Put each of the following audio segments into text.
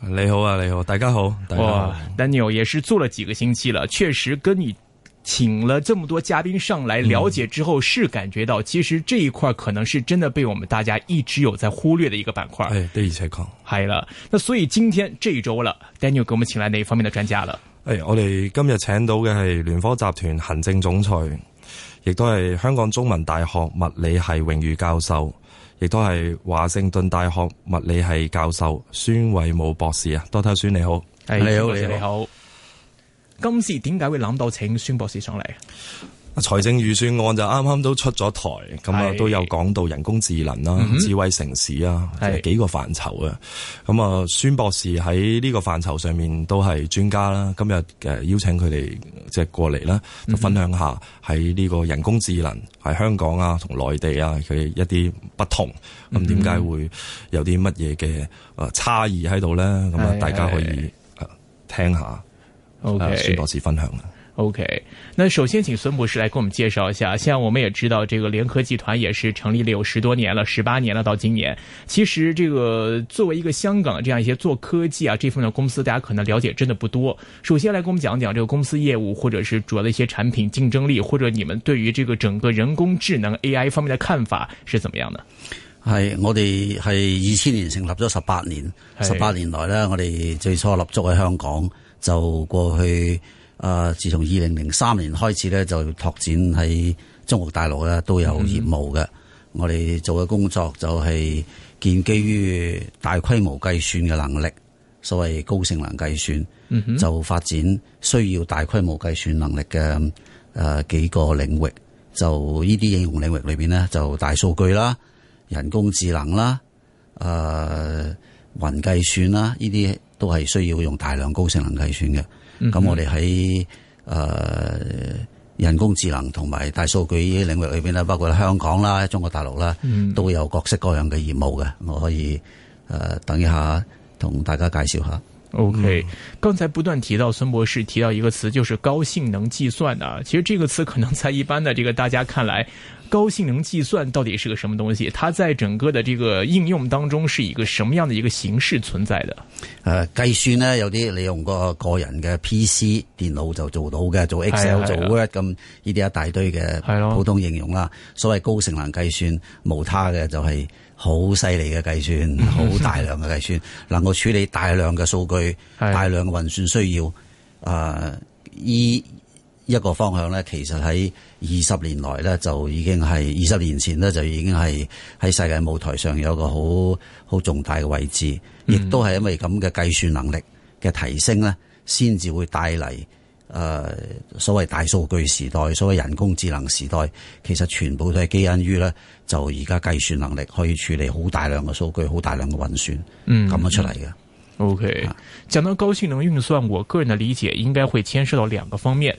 你好啊，你好，大家好，大家好。Oh, Daniel 也是做了幾個星期了，確實跟你請了這麼多嘉賓上來了解之後，嗯、是感覺到其實這一塊可能是真的被我們大家一直有在忽略的一個板塊。誒、哎，對健康，係啦。那所以今天這一周了，Daniel 給我們請來哪一方面的專家了？誒、哎，我哋今日請到嘅係聯科集團行政總裁，亦都係香港中文大學物理系榮譽教授。亦都係華盛頓大學物理係教授孫緯武博士啊 Doctor 孫你好，你好你好，今次點解會諗到請孫博士上嚟？財政預算案就啱啱都出咗台，咁啊是都有講到人工智能啦，嗯、哼智慧城市啊，係是幾個範疇啊。咁啊是，孫博士喺呢個範疇上面都係專家啦。今日誒邀請佢哋即係過嚟啦，就分享下喺呢個人工智能喺香港啊同內地啊佢一啲不同。咁點解會有啲乜嘢嘅誒差異喺度咧？咁啊，大家可以誒聽下，是啊孫 Okay 博士分享。OK，那首先請孫博士來跟我們介紹一下。像我們也知道，這個聯科集團也是成立了有十多年了，十八年了。到今年，其實這個作為一個香港這樣一些做科技啊這方面的公司，大家可能了解真的不多。首先來跟我們講講這個公司業務，或者是主要的一些產品競爭力，或者你們對於這個整個人工智能 AI 方面的看法是怎麼樣的？係我哋係二千年成立咗十八年，十八年來呢是我哋最初立足喺香港，就過去。啊！自從二零零三年開始咧，就拓展喺中國大陸咧都有業務嘅。Mm hmm. 我哋做嘅工作就係建基於大規模計算嘅能力，所謂高性能計算，Mm hmm. 就發展需要大規模計算能力嘅誒、呃、幾個領域。就呢啲應用領域裏邊呢就大數據啦、人工智能啦、誒雲計算啦，呢啲都係需要用大量高性能計算嘅。咁我哋喺誒人工智能同埋大數據依啲領域裏邊咧，包括香港啦、中國大陸啦，都有各式各樣嘅業務嘅。我可以誒、呃、等一下同大家介紹下。OK，剛才不斷提到孫博士提到一個詞，就是高性能計算啊。其實呢個詞可能在一般的這個大家看嚟。高性能計算到底是個什麼東西？它在整個的這個應用當中是一個什麼樣的一個形式存在的？誒、呃，計算呢，有啲你用個個人嘅 PC 電腦就做到嘅，做 Excel、啊、做 Word 咁呢啲一大堆嘅普通應用啦。啊、所謂高性能計算，無他嘅就係好犀利嘅計算，好大量嘅計算， 能夠處理大量嘅數據，大量嘅運算需要誒依。呃一個方向呢，其實喺二十年來呢，就已經係二十年前呢，就已經係喺世界舞台上有個好好重大嘅位置，亦都係因為咁嘅計算能力嘅提升呢，先至會帶嚟誒、呃、所謂大數據時代，所謂人工智能時代，其實全部都係基因於呢，就而家計算能力可以處理好大量嘅數據，好大量嘅運算咁、嗯、樣出嚟嘅。OK，講到高性能運算，我個人嘅理解應該會牽涉到兩個方面。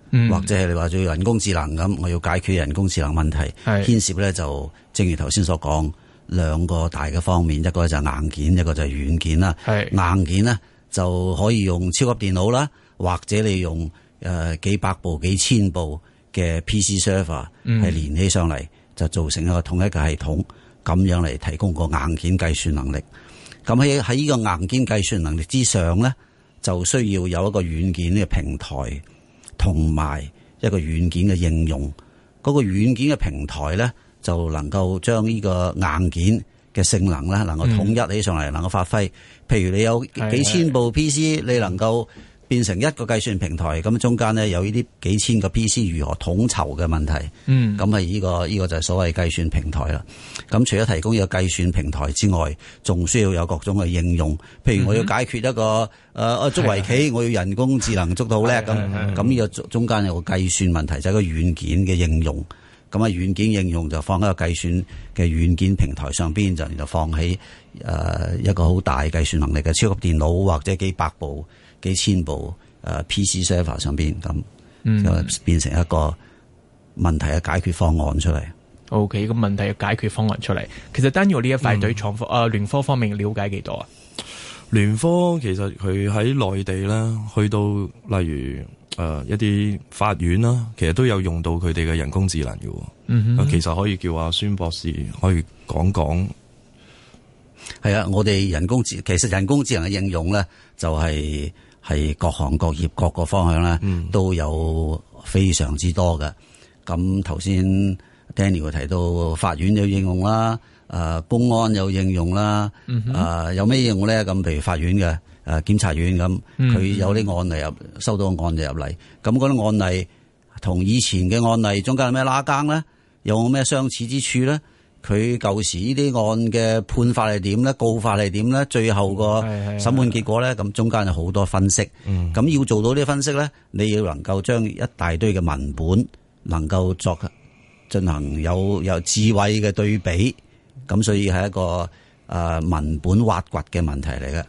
或者係你話做人工智能咁，我要解決人工智能問題，牽是涉咧就正如頭先所講，兩個大嘅方面，一個就係硬件，一個就係軟件啦。是硬件咧就可以用超級電腦啦，或者你用誒幾百部、幾千部嘅 PC server 係連起上嚟，是就造成一個統一嘅系統，咁樣嚟提供個硬件計算能力。咁喺喺呢個硬件計算能力之上咧，就需要有一個軟件嘅平台。同埋一個軟件嘅應用，嗰個軟件嘅平台咧，就能夠將呢個硬件嘅性能咧，能夠統一起上嚟，嗯、能夠發揮。譬如你有幾千部 PC，嗯、你能夠，變成一個計算平台，咁中間呢，有呢啲幾千個 PC 如何統籌嘅問題，咁係呢個呢、這個就係所謂計算平台啦。咁除咗提供呢個計算平台之外，仲需要有各種嘅應用，譬如我要解決一個誒誒、啊、捉圍棋，的我要人工智能捉到叻咁，咁呢個中中間有個計算問題，就係、是、個軟件嘅應用。咁啊，軟件應用就放喺個計算嘅軟件平台上邊，就放喺一個好大計算能力嘅超級電腦或者幾百部、幾千部、呃、PC server 上邊，咁就變成一個問題嘅解決方案出嚟。嗯、OK，個問題嘅解決方案出嚟。其實單 a 呢一塊對科聯科方面了解幾多啊？嗯聯科其實佢喺內地咧，去到例如誒一啲法院啦，其實都有用到佢哋嘅人工智能嘅。嗯、哼，哼，其實可以叫阿孫博士可以講講。係啊，我哋人工智其實人工智能嘅應用咧，就係係各行各業各個方向咧都有非常之多嘅。咁頭先 Danny 又提到法院有應用啦。誒公安有應用啦，誒、嗯哼啊、有咩應用咧？咁譬如法院嘅誒、啊、檢察院咁，佢有啲案例入收到個案例入嚟，咁嗰啲案例同以前嘅案例中間有咩拉更咧？有冇咩相似之處咧？佢舊時呢啲案嘅判法係點咧？告法係點咧？最後個審判結果咧？咁的中間有好多分析。咁、嗯、要做到啲分析咧，你要能夠將一大堆嘅文本能夠作進行有有智慧嘅對比。咁所以係一個誒文本挖掘嘅問題嚟嘅，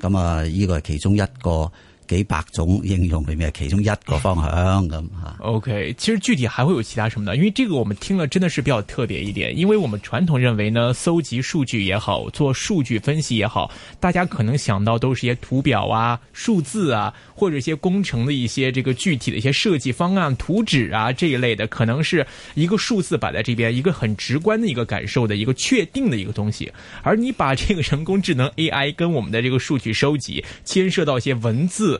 咁啊呢個係其中一個。幾百種應用裏面，其中一個方向咁吓。OK，其實具體還會有其他什麼的，因為這個我們聽了真的是比較特別一點，因為我們傳統認為呢，搜集數據也好，做數據分析也好，大家可能想到都是一些圖表啊、數字啊，或者一些工程的一些這個具體的一些設計方案、圖紙啊這一類的，可能是一個數字擺在這邊，一個很直觀的一個感受的一個確定的一個東西。而你把這個人工智能 AI 跟我們的這個數據收集牽涉到一些文字。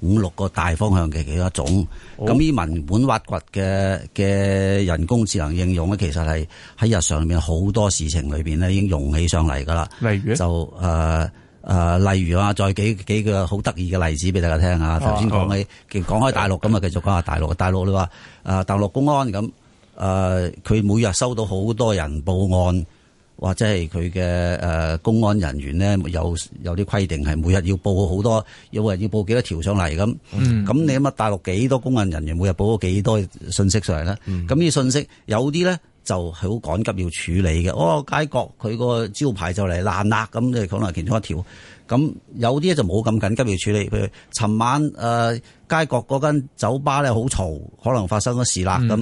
五六個大方向嘅幾多種，咁呢文本挖掘嘅嘅人工智能應用咧，其實係喺日常裏面好多事情裏邊咧，已經用起上嚟噶啦例如就誒誒，例如啊，再幾幾個好得意嘅例子俾大家聽吓。頭先講起講開大陸，咁啊繼續講下大陸。大陸你話誒，大陸公安咁誒，佢、呃、每日收到好多人報案。或者係佢嘅誒公安人員呢，有有啲規定係每日要報好多，有人要報幾多條上嚟咁。咁、嗯、你諗吓，大陸幾多公安人員每日報咗幾多信息上嚟呢？咁啲、嗯、信息有啲咧就係好趕急要處理嘅。哦，街角佢個招牌就嚟爛啦，咁即係可能其中一條。咁有啲咧就冇咁緊急要處理。譬如尋晚誒、呃、街角嗰間酒吧咧好嘈，可能發生咗事啦。咁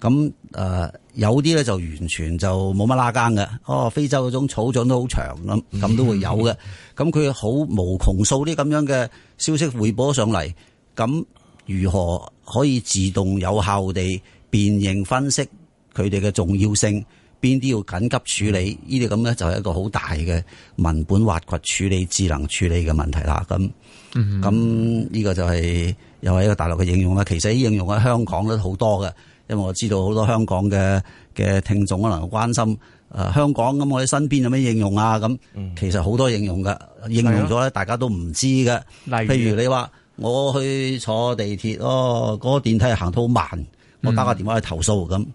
咁誒。嗯有啲咧就完全就冇乜拉更嘅，哦，非洲嗰種草長都好長咁，咁都會有嘅。咁佢好無窮數啲咁樣嘅消息匯報上嚟，咁如何可以自動有效地辨認分析佢哋嘅重要性，邊啲要緊急處理？呢啲咁咧就係一個好大嘅文本挖掘處理、智能處理嘅問題啦。咁，咁呢、呢個就係又係一個大陸嘅應用啦。其實呢啲應用喺香港都好多嘅。我知道好多香港嘅嘅聽眾可能關心，誒、呃，香港咁、嗯、我哋身邊有咩應用啊？咁其實好多應用嘅，應用咗咧，大家都唔知嘅。例、嗯、如譬如，你話我去坐地鐵，哦，嗰、那個電梯行得好慢，我打個電話去投訴咁，嗯、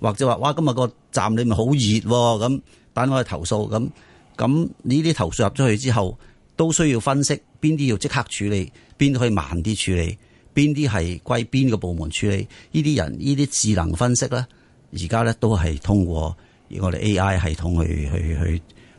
或者話，哇，今日個站裏面好熱，咁打我去投訴咁，咁呢啲投訴入咗去之後，都需要分析邊啲要即刻處理，邊啲可以慢啲處理。邊啲係歸邊個部門處理呢？啲人呢啲智能分析咧，而家咧都係通過我哋 AI 系統去去去。去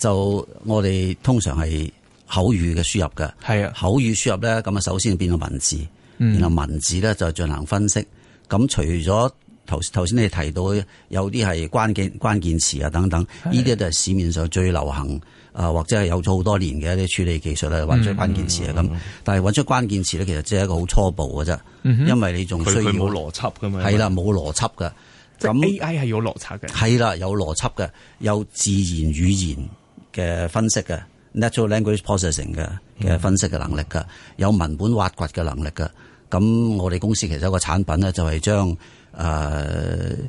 就我哋通常係口語嘅輸入噶，係啊，口語輸入咧，咁啊首先變個文字，嗯、然後文字咧就進行分析。咁除咗頭頭先你提到有啲係關鍵關鍵詞啊等等，呢啲都係市面上最流行啊、呃，或者係有咗好多年嘅一啲處理技術啊，揾出關鍵詞啊咁。但係揾出關鍵詞咧，其實只係一個好初步嘅啫，嗯、哼因為你仲需要佢冇邏輯噶嘛，係啦，冇邏輯嘅。咁 A I 係有邏輯嘅，係啦那，有邏輯嘅，有自然語言。嘅分析嘅 natural language processing 嘅嘅分析嘅能力嘅，嗯、有文本挖掘嘅能力嘅。咁我哋公司其實有一個產品咧，就、呃、係將誒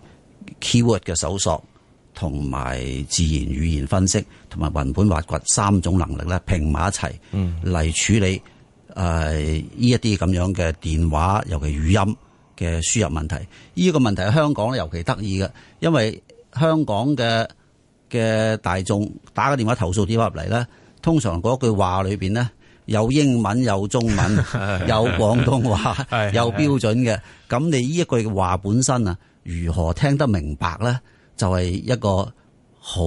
keyword 嘅搜索同埋自然語言分析同埋文本挖掘三種能力咧，拼埋一齊嚟處理誒呢一啲咁樣嘅電話尤其語音嘅輸入問題，呢、呢個問題香港咧尤其得意嘅，因為香港嘅嘅大眾打個電話投訴電話入嚟咧，通常嗰句話裏邊咧有英文、有中文、 有廣東話、有 標準嘅，咁你呢一句話本身啊，如何聽得明白咧，就係、是、一個好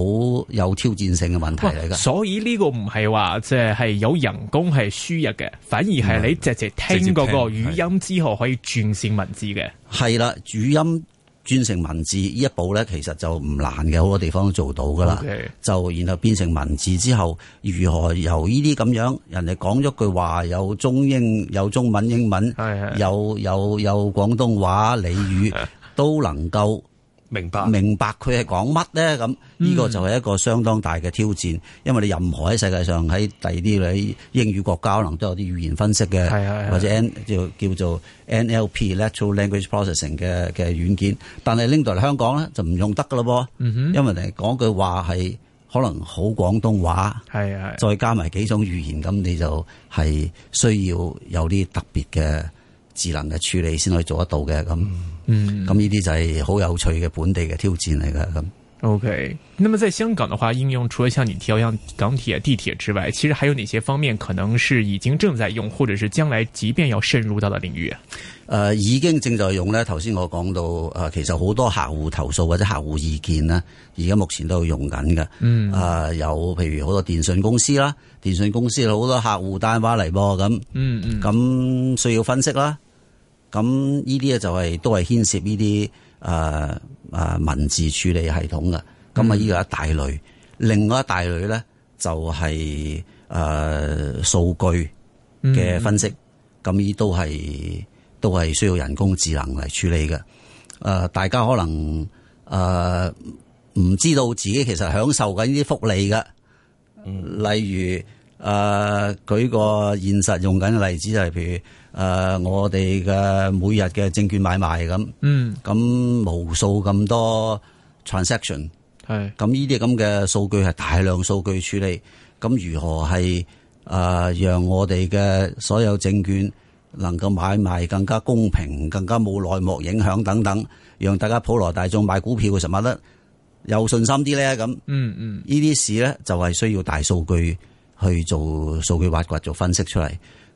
有挑戰性嘅問題嚟㗎、嗯。所以呢個唔係話即係係有人工係輸入嘅，反而係你直接聽嗰個語音之後可以轉成文字嘅。係啦，語音。轉成文字呢一步呢，其實就唔難嘅，好多地方都做到㗎啦。Okay. 就然後變成文字之後，如何由呢啲咁樣人哋講咗句話，有中英有中文英文，Yes. 有有有廣東話俚語，Yes. 都能夠。明白，明白佢係講乜咧？咁呢個就係一個相當大嘅挑戰，嗯、因為你任何喺世界上喺第二啲喺英語國家，可能都有啲語言分析嘅，是是是是或者叫叫做 n l p l a t u r a l Language Processing） 嘅嘅軟件。但係拎到嚟香港咧，就唔用得噶咯噃，嗯、哼因為嚟講句話係可能好廣東話，係啊，再加埋幾種語言，咁你就係需要有啲特別嘅。智能嘅處理先可以做得到嘅咁，嗯，咁呢啲就係好有趣嘅本地嘅挑戰嚟嘅咁。O K，咁啊，okay。那麼在香港嘅話，應用除咗像你提，好似港鐵、地鐵之外，其實還有哪些方面可能是已經正在用，或者是將來即便要滲入到嘅領域啊、呃？已經正在用呢？頭先我講到誒、呃，其實好多客戶投訴或者客戶意見咧，而家目前都用緊嘅，嗯，啊、呃，有譬如好多電信公司啦，電信公司有好多客戶單話嚟噃咁，嗯嗯，咁需要分析啦。咁呢啲啊就係都係牽涉呢啲誒誒文字處理系統嘅，咁啊呢個一大類，另外一大類咧就係誒數據嘅分析，咁呢都係都係需要人工智能嚟處理嘅。誒，大家可能誒唔知道自己其實享受緊呢啲福利嘅，例如。誒，舉、呃、個現實用緊嘅例子就係譬如誒、呃，我哋嘅每日嘅證券買賣咁，咁、嗯、無數咁多 transaction，係咁呢是啲咁嘅數據係大量數據處理，咁如何係誒、呃、讓我哋嘅所有證券能夠買賣更加公平、更加冇內幕影響等等，讓大家普羅大眾買股票嘅時候買得有信心啲咧？咁、嗯，嗯嗯，呢啲事咧就係需要大數據。去做數據挖掘、做分析出嚟，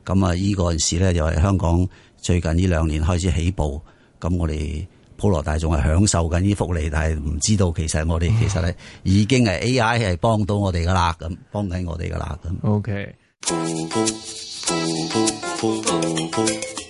咁啊，依個陣時咧又係香港最近呢兩年開始起步，咁我哋普羅大眾係享受緊呢福利，但係唔知道其實我哋、嗯、其實咧已經係 AI 係幫到我哋噶啦，咁幫緊我哋噶啦，咁 Okay.。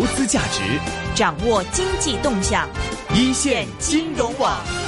投資價值，掌握經濟動向，一線金融網。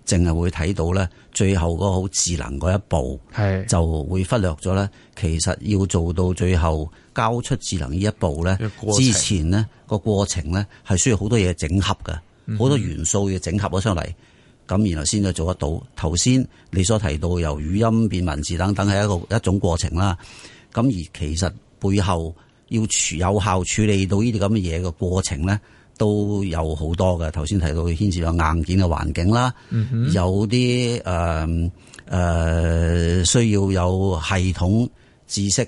淨係會睇到咧，最後嗰個好智能嗰一步，就會忽略咗咧。其實要做到最後交出智能呢一步咧，之前咧個過程咧係需要好多嘢整合嘅，好多元素要整合咗上嚟，咁然後先至做得到。頭先你所提到由語音變文字等等係一個一種過程啦。咁而其實背後要有效處理到呢啲咁嘅嘢嘅過程咧。都有好多嘅，頭先提到牽涉到硬件嘅環境啦，嗯、哼有啲誒誒需要有系統知識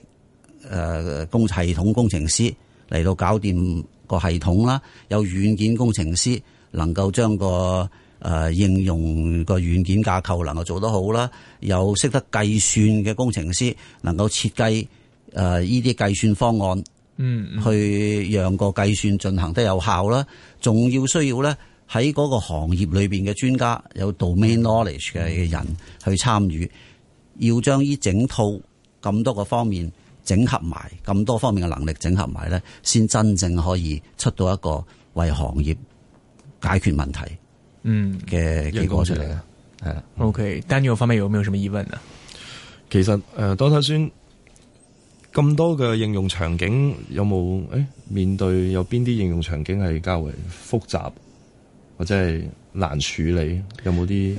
誒工、呃、系統工程師嚟到搞掂個系統啦，有軟件工程師能夠將個誒、呃、應用個軟件架構能夠做得好啦，有識得計算嘅工程師能夠設計誒呢啲計算方案。嗯，嗯去讓個計算進行得有效啦，仲要需要咧喺嗰個行業裏邊嘅專家有 domain knowledge 嘅人去參與，嗯嗯、要將呢整套咁多個方面整合埋，咁多方面嘅能力整合埋咧，先真正可以出到一個為行業解決問題，嗯嘅結果出嚟嘅，係啦、嗯。的 OK，Daniel，方面有冇有什麼疑問啊？其實，誒、呃，多頭先。咁多嘅應用場景有冇誒、哎、面對有邊啲應用場景係較為複雜或者係難處理？有冇啲？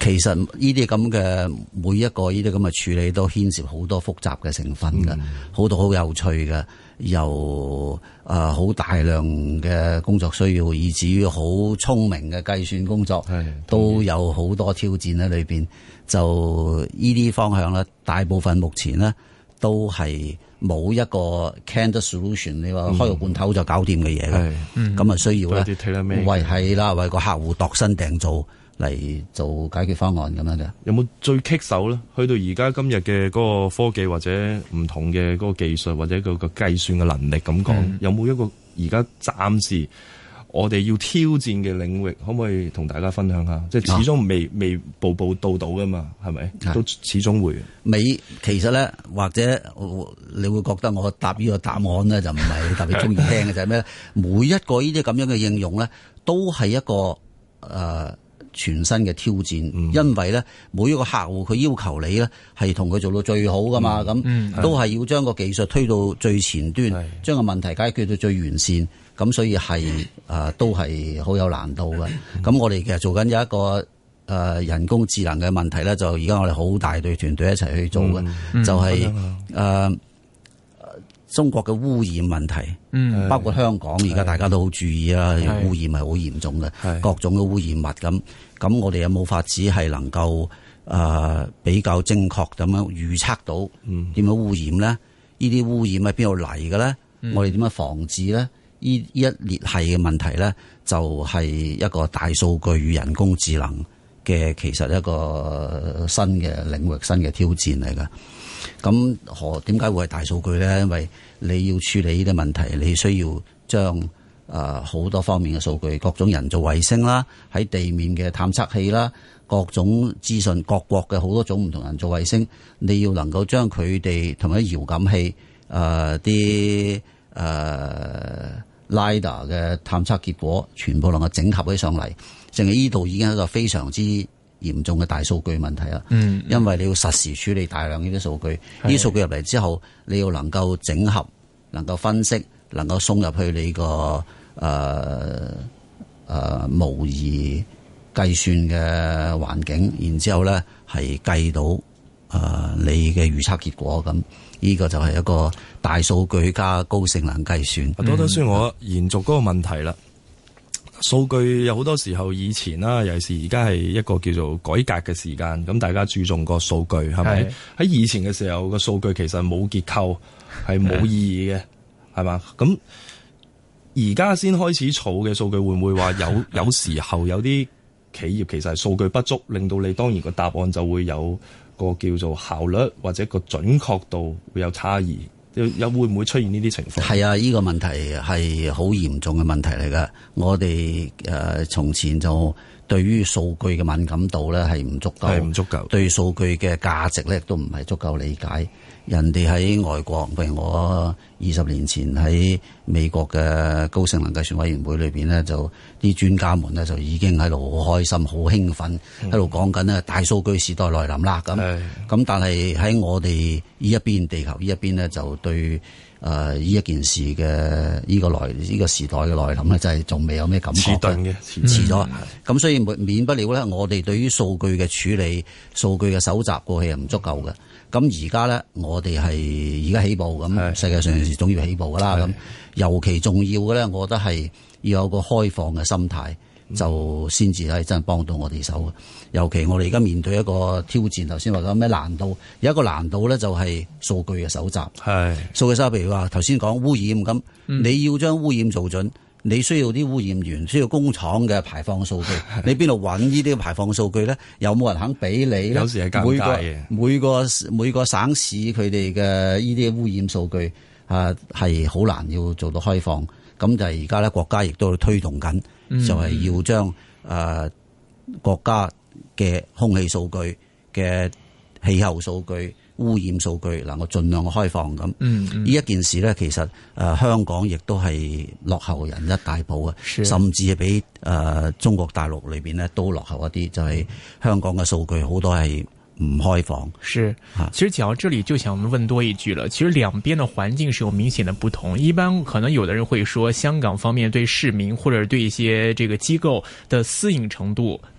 其實呢啲咁嘅每一個呢啲咁嘅處理都牽涉好多複雜嘅成分噶，好、嗯、多好有趣嘅，由啊好、呃、大量嘅工作需要，以至於好聰明嘅計算工作，係都有好多挑戰喺裏邊。就呢啲方向咧，大部分目前呢。都係冇一個 canned solution，你話開個罐頭就搞掂嘅嘢咧，咁啊需要咧維係啦，為個客戶度身訂造嚟做解決方案咁樣嘅。有冇最棘手咧？去到而家今日嘅嗰個科技或者唔同嘅嗰個技術或者個個計算嘅能力咁講，的有冇一個而家暫時？我哋要挑戰嘅領域，可唔可以同大家分享下？即係始終未未步步到到噶嘛，係咪？的都始終會。美其實咧，或者你會覺得我答呢個答案咧， 就唔係特別中意聽嘅，就係咩咧？每一個呢啲咁樣嘅應用咧，都係一個誒、呃、全新嘅挑戰，嗯、因為咧每一個客戶佢要求你咧係同佢做到最好噶嘛，咁、嗯嗯、都係要將個技術推到最前端，將個是的 問題解決到最完善。咁所以係啊、呃，都係好有難度嘅。咁我哋其實做緊有一個誒、呃、人工智能嘅問題咧，就而家我哋好大隊團隊一齊去做嘅，就係誒中國嘅污染問題，嗯，包括香港而家大家都好注意啦，的污染係好嚴重嘅，的各種嘅污染物咁。咁我哋有冇法子係能夠誒、呃、比較精確咁樣預測到點樣污染呢？呢啲、嗯、污染喺邊度嚟嘅咧？嗯、我哋點樣防治咧？呢一列系嘅問題呢，就係、是、一個大數據與人工智能嘅其實一個新嘅領域、新嘅挑戰嚟㗎。咁何點解會係大數據呢？因為你要處理呢啲問題，你需要將啊好、呃、多方面嘅數據，各種人造衛星啦，喺地面嘅探測器啦，各種資訊，各國嘅好多種唔同人造衛星，你要能夠將佢哋同埋遙感器啊啲啊。呃 Lidar 嘅探測結果，全部能夠整合起上嚟，淨係呢度已經係一個非常之嚴重嘅大數據問題啦。嗯，因為你要實時處理大量呢啲數據，呢啲數據入嚟之後，你要能夠整合、能夠分析、能夠送入去你個誒誒模擬計算嘅環境，然之後咧係計到誒、呃、你嘅預測結果咁。呢個就係一個大數據加高性能計算。多多先，我延續嗰個問題啦。嗯、數據有好多時候以前啦，尤其是而家係一個叫做改革嘅時間，咁大家注重個數據係咪？喺是以前嘅時候個數據其實冇結構，係冇意義嘅，係嘛是？咁而家先開始儲嘅數據會會，會唔會話有有時候有啲？企業其實係數據不足，令到你當然個答案就會有個叫做效率或者個準確度會有差異，又會唔會出現呢啲情況？係啊，呢個問題係好嚴重嘅問題嚟噶。我哋誒從前就對於數據嘅敏感度呢係唔足夠，唔足夠，對數據嘅價值呢都唔係足夠理解。人哋喺外國，譬如我二十年前喺美國嘅高性能計算委員會裏面呢，就啲專家們呢，就已經喺度好開心、好興奮，喺度講緊呢大數據時代來臨啦。咁咁的，但係喺我哋呢一邊地球呢一邊呢，就對誒呢、呃、一件事嘅呢、呢個來呢、呢個時代嘅來臨呢，就係仲未有咩感覺遲。遲鈍嘅，遲咗。咁所以免不了呢，我哋對於數據嘅處理、數據嘅搜集過去係唔足夠嘅。咁而家咧，我哋係而家起步，咁世界上事總要起步噶啦。咁尤其重要嘅咧，我覺得係要有個開放嘅心態，就先至係真係幫到我哋手。尤其我哋而家面對一個挑戰，頭先話咗咩難度，有一個難度咧就係數據嘅搜集。係數是據收集，譬如話頭先講污染，咁你要將污染做準。你需要啲污染源，需要工廠嘅排放數據，你邊度揾呢啲排放數據咧？ 有冇人肯俾你每個有時係尷尬嘅。每個每個省市佢哋嘅呢啲污染數據啊，係好難要做到開放。咁就而家咧、就係啊，國家亦都推動緊，就係要將誒國家嘅空氣數據嘅氣候數據。污染數據能夠盡量開放咁，呢、嗯嗯、一件事呢，其實誒、呃、香港亦都係落後人一大步啊，是甚至係比誒、呃、中國大陸裏邊呢都落後一啲，就係、是、香港嘅數據好多係唔開放。是其實講到這裡就想問多一句啦，其實兩邊嘅環境是有明顯嘅不同，一般可能有的人會說香港方面對市民或者對一些這個機構嘅私隱程度。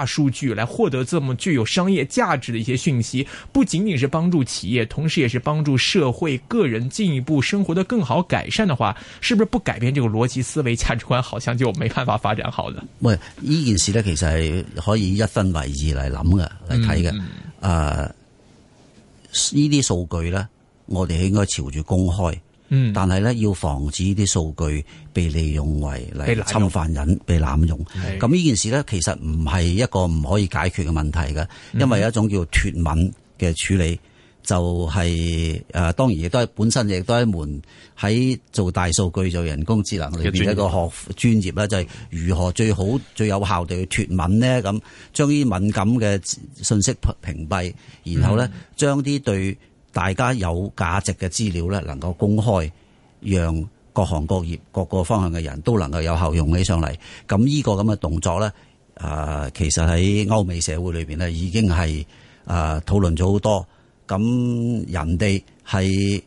大數據來獲得這麼具有商業價值的一些訊息，不僅僅是幫助企業，同時也是幫助社會、個人進一步生活得更好改善的話，是不是不改變這個邏輯思維價值觀，好像就沒辦法發展好呢？喂，呢件事咧，其實係可以一分為二嚟諗噶，嚟睇嘅。啊、呃，呢啲數據咧，我哋應該朝住公開。嗯，但係咧要防止啲數據被利用為嚟侵犯人、被濫用，咁呢件事咧其實唔係一個唔可以解決嘅問題嘅，的因為有一種叫脱敏嘅處理，就係、是、誒、呃、當然亦都係本身亦都係一門喺做大數據做人工智能裏邊一個學專業咧，業就係如何最好最有效地去脱敏呢？咁將啲敏感嘅信息屏蔽，然後咧的將啲對。大家有價值嘅資料咧，能夠公開，讓各行各業、各個方向嘅人都能夠有效用起上嚟。咁呢個咁嘅動作咧，啊、呃，其實喺歐美社會裏面咧，已經係啊、呃、討論咗好多。咁人哋係。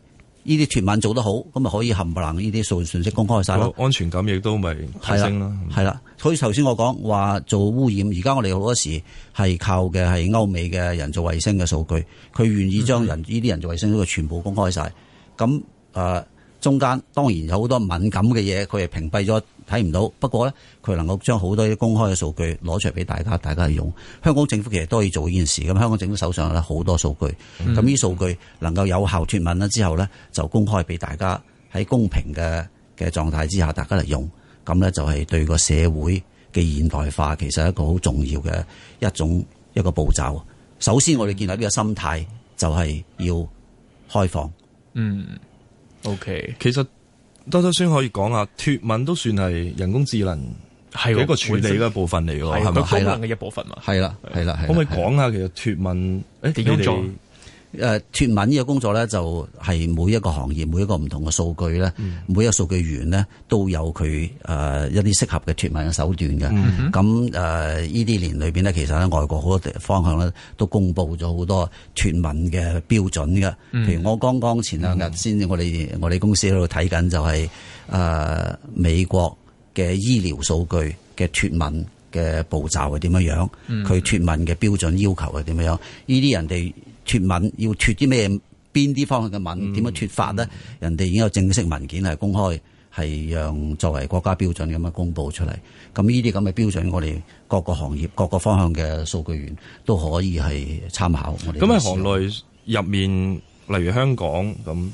呢啲脫敏做得好，咁咪可以冚唪唥呢啲數據信息公開晒，安全感亦都咪提升啦，係啦，所以頭先我講話做污染，而家我哋好多時係靠嘅係歐美嘅人造衛星嘅數據，佢願意將人呢啲、嗯、哼人造衛星嗰全部公開晒。咁啊。呃中間當然有好多敏感嘅嘢，佢係屏蔽咗睇唔到。不過呢，佢能夠將好多啲公開嘅數據攞出嚟俾大家，大家嚟用。香港政府其實都可以做呢件事。咁香港政府手上咧好多數據，咁呢數據能夠有效脫敏啦之後呢，就公開俾大家喺公平嘅嘅狀態之下，大家嚟用。咁呢，就係對個社會嘅現代化其實一個好重要嘅一種一個步驟。首先我哋建立呢個心態，就係要開放。嗯。OK，其實多多先可以講下，脱敏都算係人工智能一個處理嘅部分嚟嘅，係咪功能嘅一部分嘛？係啦，係啦，可唔可以講下其實脱敏，誒，點樣做？誒，脱敏呢個工作咧，就係每一個行業、每一個唔同嘅數據咧，每一個數據源咧、嗯、都有佢誒一啲適合嘅脱敏嘅手段嘅。咁誒、嗯哼，依啲、呃、年裏邊咧，其實咧外國好多地方向咧都公布咗好多脱敏嘅標準嘅。譬如我剛剛前兩日先至，嗯、哼我哋我哋公司喺度睇緊就係、是、誒、呃、美國嘅醫療數據嘅脱敏嘅步驟係點樣樣，佢、嗯、哼脱敏嘅標準要求係點樣樣。依啲人哋。脫敏要脫啲咩？邊啲方向嘅文點樣脱法呢？嗯嗯、人哋已經有正式文件係公開，係讓作為國家標準咁樣公布出嚟。咁呢啲咁嘅標準，我哋各個行業、各個方向嘅數據源都可以係參考。咁喺行內入面，例如香港咁，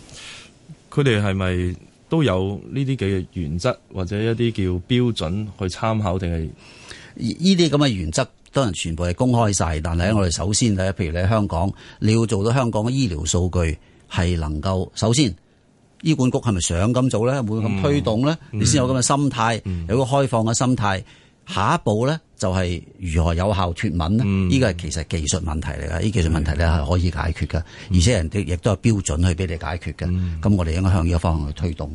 佢哋係咪都有呢啲嘅原則，或者一啲叫標準去參考，定係呢啲咁嘅原則？當然全部係公開晒，但係咧，我哋首先咧，譬如你喺香港，你要做到香港嘅醫療數據係能夠首先，醫管局係咪想咁做咧？會唔會咁推動咧？嗯、你先有咁嘅心態，嗯、有個開放嘅心態，下一步咧？就係如何有效脫敏咧？呢個係其實技術問題嚟噶，呢技術問題咧係可以解決噶，嗯、而且人哋亦都係標準去俾你解決噶。咁、嗯、我哋應該向呢個方向去推動。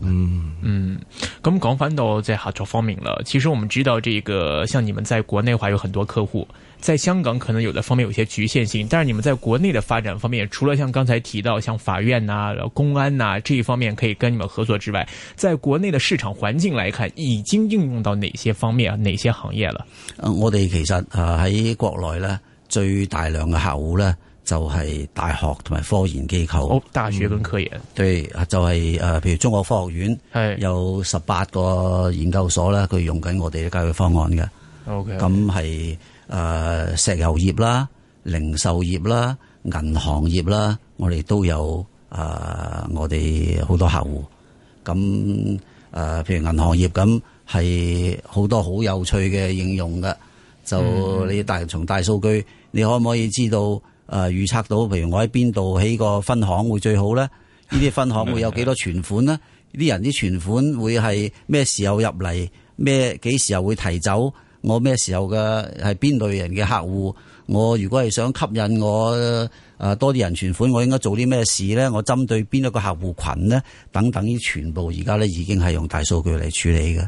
嗯，咁講翻到即係合作方面啦。其實我哋知道、這個，呢個像你們在國內話，有很多客戶。在香港可能有的方面有些局限性，但是你們在國內的發展方面，除了像剛才提到像法院吶、啊、公安吶、啊、這一方面可以跟你們合作之外，在國內的市場環境來看，已經應用到哪些方面啊？哪些行業了？我哋其實啊喺國內咧，最大量嘅客戶咧就係大學同埋科研機構、哦。大學跟科研、嗯、對，就係誒，譬如中國科學院係有十八個研究所啦，佢用緊我哋嘅教育方案嘅。O K，咁係。誒、呃，石油業啦、零售業啦、銀行業啦，我哋都有誒、呃，我哋好多客戶。咁誒、呃，譬如銀行業咁，係好多好有趣嘅應用㗎。就、嗯、你從大從大數據，你可唔可以知道誒？預、呃、測到譬如我喺邊度起個分行會最好咧？呢啲分行會有幾多存款呢？呢啲 人啲存款會係咩時候入嚟？咩幾時候會提走？我咩時候嘅係邊類人嘅客戶？我如果係想吸引我誒多啲人存款，我應該做啲咩事咧？我針對邊一個客戶群咧？等等，呢全部而家咧已經係用大數據嚟處理嘅。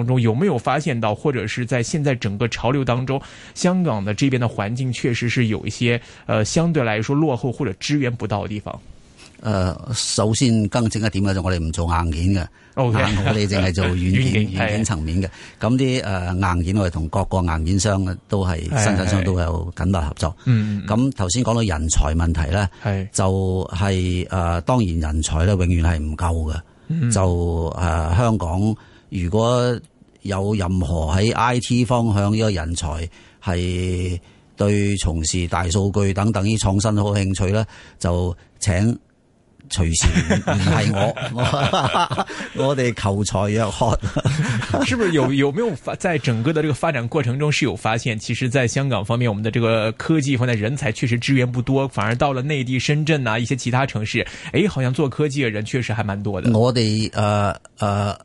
當中有沒有發現到，或者是在現在整個潮流當中，香港的這邊的環境確實是有一些，呃，相對來說落後或者支援不到的地方。呃，首先更正一點嘅就，我哋唔做硬件嘅 Okay.、啊，我哋淨係做軟件軟件層面嘅。咁啲誒硬件我哋同各個硬件商都係生產商都有緊密合作。嗯嗯。咁頭先講到人才問題呢，係就係、是、誒、呃，當然人才呢永遠係唔夠嘅。嗯、就誒、呃，香港。如果有任何喺 I T 方向嘅個人才係對從事大數據等等啲創新好興趣呢，就請隨時聯繫我。 我哋求才若渴 是不是。有有沒有在整個的這個發展過程中，是有發現，其實在香港方面，我們的這個科技方面人才確實資源不多，反而到了內地深圳啊，一些其他城市，誒、哎，好像做科技嘅人確實還蠻多的。我哋誒誒。呃呃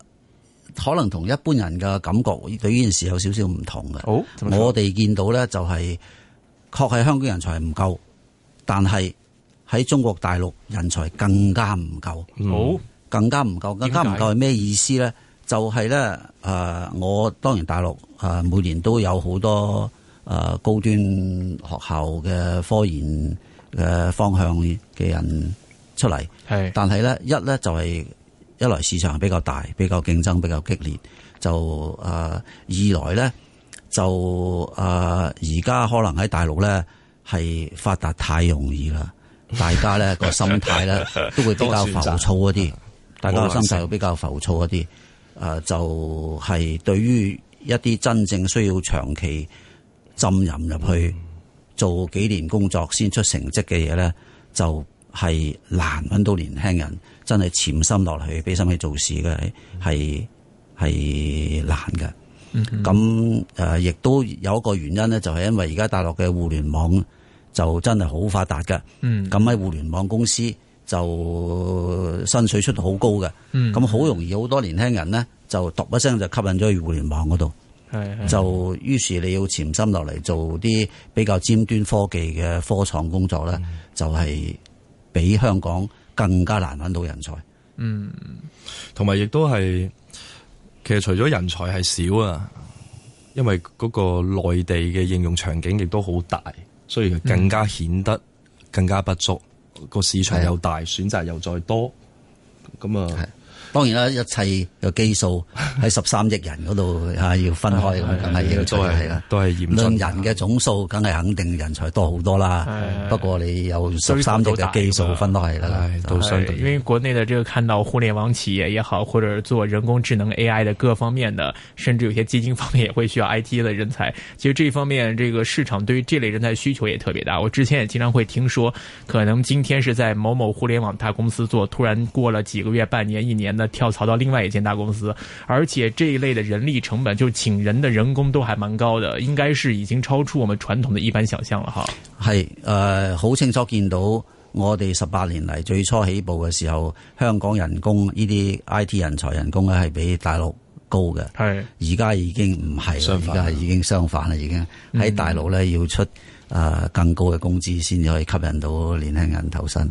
可能同一般人嘅感覺對呢件事有少少唔同嘅。我哋見到咧、就是，就係確係香港人才唔夠，但係喺中國大陸人才更加唔夠。好，更加唔夠，更加唔夠係咩意思咧？就係、是、咧，誒、呃，我當然大陸、呃、每年都有好多誒、呃、高端學校嘅科研嘅方向嘅人出嚟，但係咧一咧就係、是。一來市場比較大，比較競爭比較激烈，就啊、呃、二來呢，就啊而家，可能喺大陸呢係發達太容易啦，大家呢個心態呢 擇都會比較浮躁一啲，啊、大家嘅心態會比較浮躁一啲，啊就係、是、對於一啲真正需要長期浸淫入去、嗯、做幾年工作先出成績嘅嘢呢，就。係難揾到年輕人真係潛心落去，俾心去做事嘅係係係難嘅。咁誒、嗯哼，亦、呃、都有一個原因咧，就係、是、因為而家大陸嘅互聯網就真係好發達嘅。咁喺、嗯、互聯網公司就薪水出到好高嘅，咁好、嗯、容易好多年輕人呢就突一聲就吸引咗去互聯網嗰度，是是是，就於是你要潛心落嚟做啲比較尖端科技嘅科創工作咧，嗯、就係、是。比香港更加難揾到人才，嗯，同埋亦都係其實除咗人才係少啊，因為嗰個內地嘅應用場景亦都好大，所以佢更加顯得、嗯、更加不足。個市場又大，是的 選擇又再多，咁啊。當然啦，一切有基數喺十三億人嗰度要分開咁，梗係 要做係啦，都係嚴峻。論人嘅總數，梗係肯定人才多好多啦。 不過你有十三億嘅基數分，分開啦，都相對。因為國內的這個看到互聯網企業也好，或者做人工智能 AI 的各方面的，甚至有些基金方面也會需要 IT 的人才。其實這一方面，這個市場對於這類人才的需求也特別大。我之前也經常會聽說，可能今天是在某某互聯網大公司做，突然過了幾個月、半年、一年的。跳槽到另外一間大公司，而且這一類的人力成本，就請人的人工都還蠻高的，應該是已經超出我們傳統的一般想象了哈。係，誒，好、呃、清楚見到我哋十八年嚟最初起步嘅時候，香港人工呢啲 I T 人才人工咧係比大陸高嘅。係是，而家已經唔係，而家已經相反啦，已經喺、嗯、大陸咧要出誒、呃、更高嘅工資先至可以吸引到年輕人投身。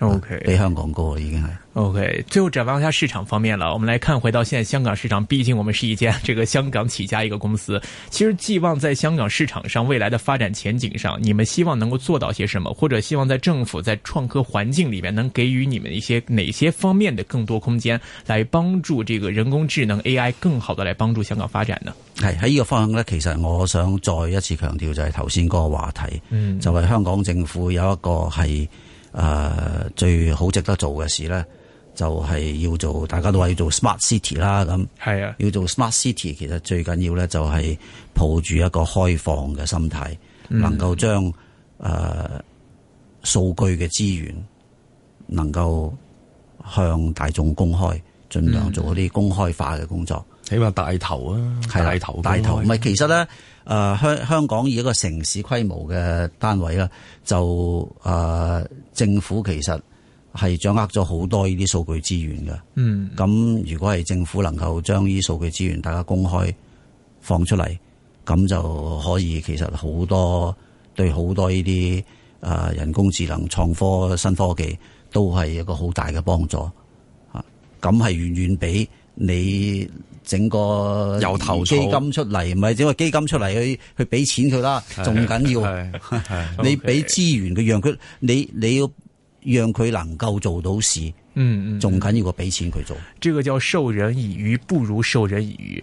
O.K. 比香港高已經係。O.K. 最後展望下市場方面啦，我們來看回到現在香港市場，畢竟我們是一間這個香港起家一個公司。其實寄望在香港市場上未來的發展前景上，你們希望能夠做到些什麼，或者希望在政府在創科環境裏面能給予你們一些哪些方面的更多空間，來幫助這個人工智能 A.I. 更好的來幫助香港發展呢？係喺呢個方向呢，其實我想再一次強調就係頭先嗰個話題，嗯，就係香港政府有一個係。誒、呃、最好值得做嘅事咧，就係、是、要做，大家都話要做 smart city 啦，咁係啊，要做 smart city，其實最緊要咧就係、是、抱住一個開放嘅心態，嗯、能夠將誒、呃、數據嘅資源能夠向大眾公開，儘量做嗰啲公開化嘅工作，起碼帶頭啊，係帶頭，帶頭，唔係公開，其實咧。啊，香、呃、香港以一個城市規模嘅單位啦，就啊、呃，政府其實係掌握咗好多呢啲數據資源嘅。嗯。咁如果係政府能夠將呢啲數據資源大家公開放出嚟，咁就可以其實好多對好多呢啲啊人工智能、創科、新科技都係一個好大嘅幫助。啊，咁係遠遠比。你整個由投資基金出嚟，唔係整個基金出嚟去去俾錢佢啦，仲緊要 你俾資源佢，讓佢你你要讓佢能夠做到事，嗯嗯，仲緊要個俾錢佢做。呢個叫授人以魚，不如授人以漁。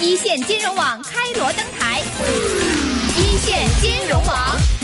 一線金融網開鑼登台，一線金融網。